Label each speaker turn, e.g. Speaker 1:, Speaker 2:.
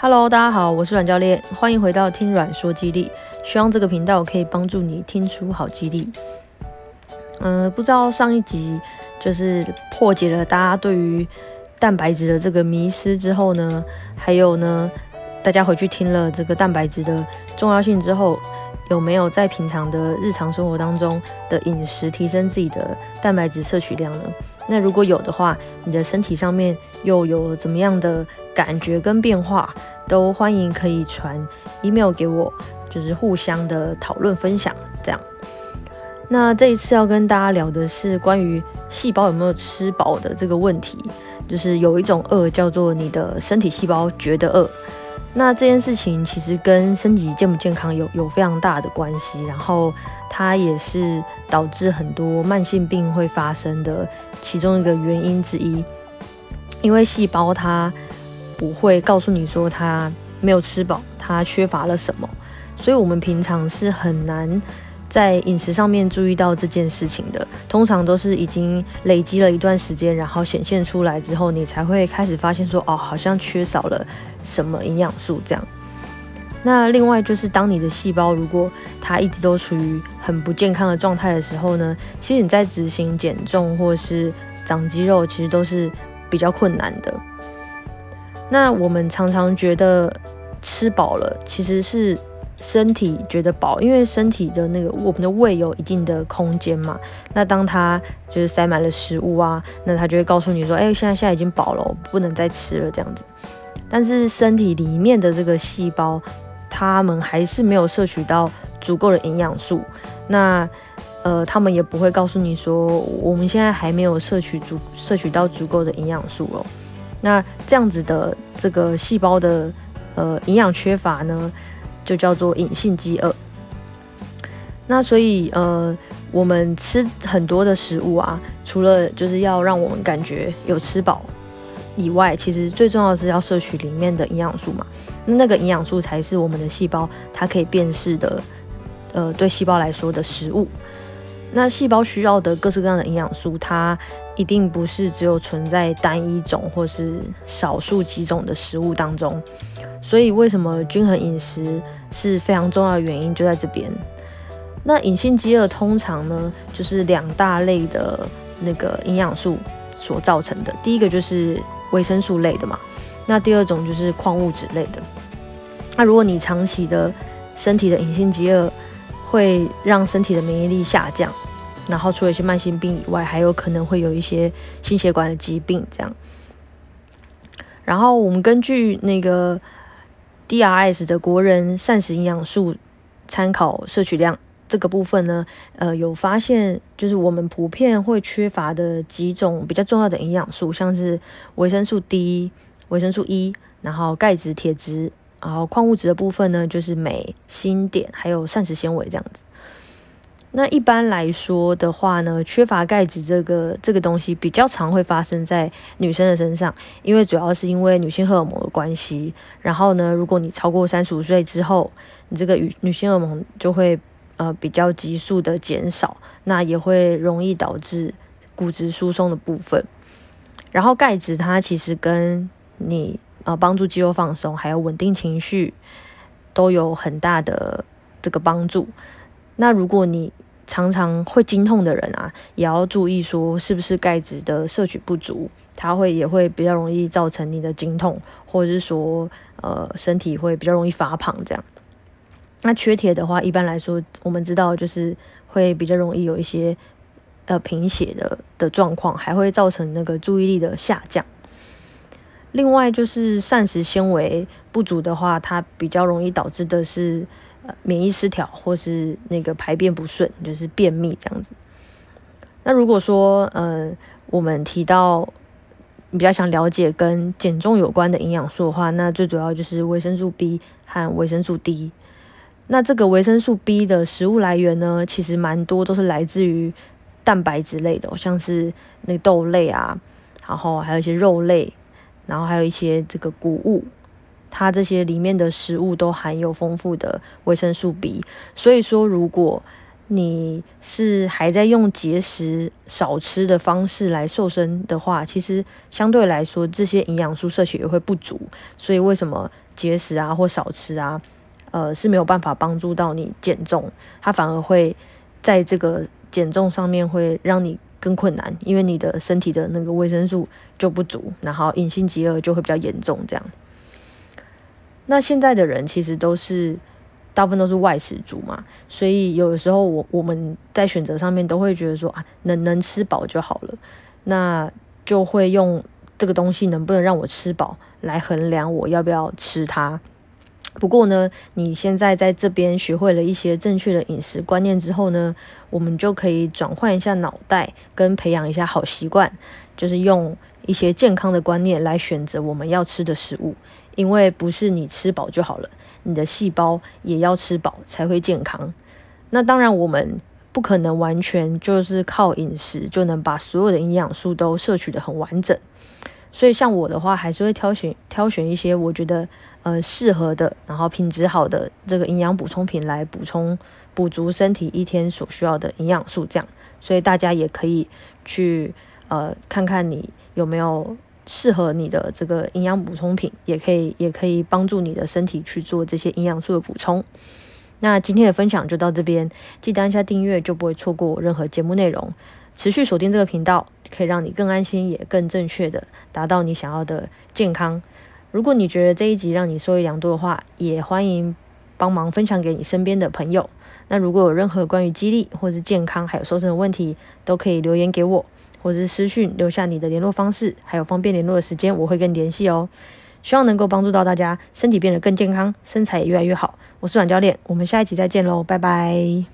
Speaker 1: 哈嘍，Hello, 大家好，我是阮教練，歡迎回到聽阮說肌力。希望這個頻道可以幫助你聽出好肌力。嗯，不知道上一集就是破解了大家對於蛋白質的這個迷思之後呢，還有呢，大家回去聽了這個蛋白質的重要性之後，有沒有在平常的日常生活當中的飲食提升自己的蛋白質攝取量呢？那如果有的話，你的身體上面又有怎麼樣的感覺跟變化，都歡迎可以傳 email 給我，就是互相的討論分享這樣。那這一次要跟大家聊的是關於細胞有沒有吃飽的這個問題，就是有一種餓叫做你的身體細胞覺得餓。那這件事情其實跟身體健不健康有有非常大的關係，然後它也是導致很多慢性病會發生的其中一個原因之一，因為細胞它不會告訴你說它沒有吃飽，它缺乏了什麼，所以我們平常是很難。在飲食上面注意到這件事情的，通常都是已經累積了一段時間，然後顯現出來之後，你才會開始發現說，哦，好像缺少了什麼營養素這樣。那另外就是，當你的細胞如果它一直都處於很不健康的狀態的時候呢，其實你在執行減重或是長肌肉，其實都是比較困難的。那我們常常覺得吃飽了，其實是。身體覺得飽，因為身體的那個我們的胃有一定的空間嘛。那當它就是塞滿了食物啊，那他就會告訴你說：“哎、欸，現在現在已經飽了，不能再吃了。”這樣子。但是身體裡面的這個細胞，他們還是沒有攝取到足夠的營養素。那呃，他們也不會告訴你說：“我們現在還沒有攝取足攝取到足夠的營養素哦。”那這樣子的這個細胞的呃營養缺乏呢，就叫做隱性飢餓。那所以，呃，我們吃很多的食物啊，除了就是要讓我們感覺有吃飽以外，其實最重要的是要攝取裡面的營養素嘛。那那個營養素才是我們的細胞，它可以辨識的，呃，對細胞來說的食物。那細胞需要的各式各樣的營養素，它一定不是只有存在單一種或是少數幾種的食物當中，所以為什麼均衡飲食是非常重要的原因就在這邊。那隱性飢餓通常呢，就是兩大類的那個營養素所造成的。第一個就是維生素類的嘛，那第二種就是礦物質類的。那如果你長期的，身體的隱性飢餓會讓身體的免疫力下降。然後，除了一些慢性病以外，還有可能會有一些心血管的疾病這樣。然後，我們根據那個 DRS 的國人膳食營養素參考攝取量這個部分呢，呃，有發現就是我們普遍會缺乏的幾種比較重要的營養素，像是維生素 D、維生素 E，然後鈣質、鐵質，然後礦物質的部分呢，就是鎂、鋅、碘，還有膳食纖維這樣子。那一般來說的話呢，缺乏鈣質這個這個東西比較常會發生在女生的身上，因為主要是因為女性荷爾蒙的關係。然後呢，如果你超過三十五歲之後，你這個女性荷爾蒙就會呃比較急速的減少，那也會容易導致骨質疏鬆的部分。然後鈣質它其實跟你呃幫助肌肉放鬆，還有穩定情緒都有很大的這個幫助。那如果你常常會經痛的人啊，也要注意說是不是鈣質的攝取不足，它會也會比較容易造成你的經痛，或者是說呃身體會比較容易發胖這樣。那缺鐵的話，一般來說我們知道就是會比較容易有一些呃貧血的的狀況，還會造成那個注意力的下降。另外就是膳食纖維不足的話，它比較容易導致的是。免疫失調，或是那個排便不順，就是便秘這樣子。那如果說，呃、嗯，我們提到比較想了解跟減重有關的營養素的話，那最主要就是維生素 B 和維生素 D。那這個維生素 B 的食物來源呢，其實蠻多都是來自於蛋白質類的、哦，像是那個豆類啊，然後還有一些肉類，然後還有一些這個穀物。它這些裡面的食物都含有豐富的維生素 B，所以說，如果你是還在用節食、少吃的方式來瘦身的話，其實相對來說，這些營養素攝取也會不足。所以，為什麼節食啊或少吃啊，呃是沒有辦法幫助到你減重，它反而會在這個減重上面會讓你更困難，因為你的身體的那個維生素就不足，然後隱性飢餓就會比較嚴重，這樣。那現在的人其實都是大部分都是外食族嘛，所以有的時候我我們，在選擇上面都會覺得說啊，能能吃飽就好了，那就會用這個東西能不能讓我吃飽來衡量我要不要吃它。不過呢，你現在在這邊學會了一些正確的飲食觀念之後呢，我們就可以轉換一下腦袋，跟培養一下好習慣，就是用一些健康的觀念來選擇我們要吃的食物。因為不是你吃飽就好了，你的細胞也要吃飽才會健康。那當然，我們不可能完全就是靠飲食就能把所有的營養素都攝取得很完整。所以，像我的話，還是會挑選挑選一些我覺得呃適合的，然後品質好的這個營養補充品來補充補足身體一天所需要的營養素。這樣，所以大家也可以去呃看看你有沒有。適合你的這個營養補充品，也可以也可以幫助你的身體去做這些營養素的補充。那今天的分享就到這邊，記得按下訂閱，就不會錯過任何節目內容。持續鎖定這個頻道，可以讓你更安心，也更正確的達到你想要的健康。如果你覺得這一集讓你受益良多的話，也歡迎幫忙分享給你身邊的朋友。那如果有任何關於肌力、或者是健康還有瘦身的問題，都可以留言給我，或者是私訊留下你的聯絡方式，還有方便聯絡的時間，我會跟你聯繫哦。希望能夠幫助到大家，身體變得更健康，身材也越來越好。我是阮教練，我們下一集再見嘍，拜拜。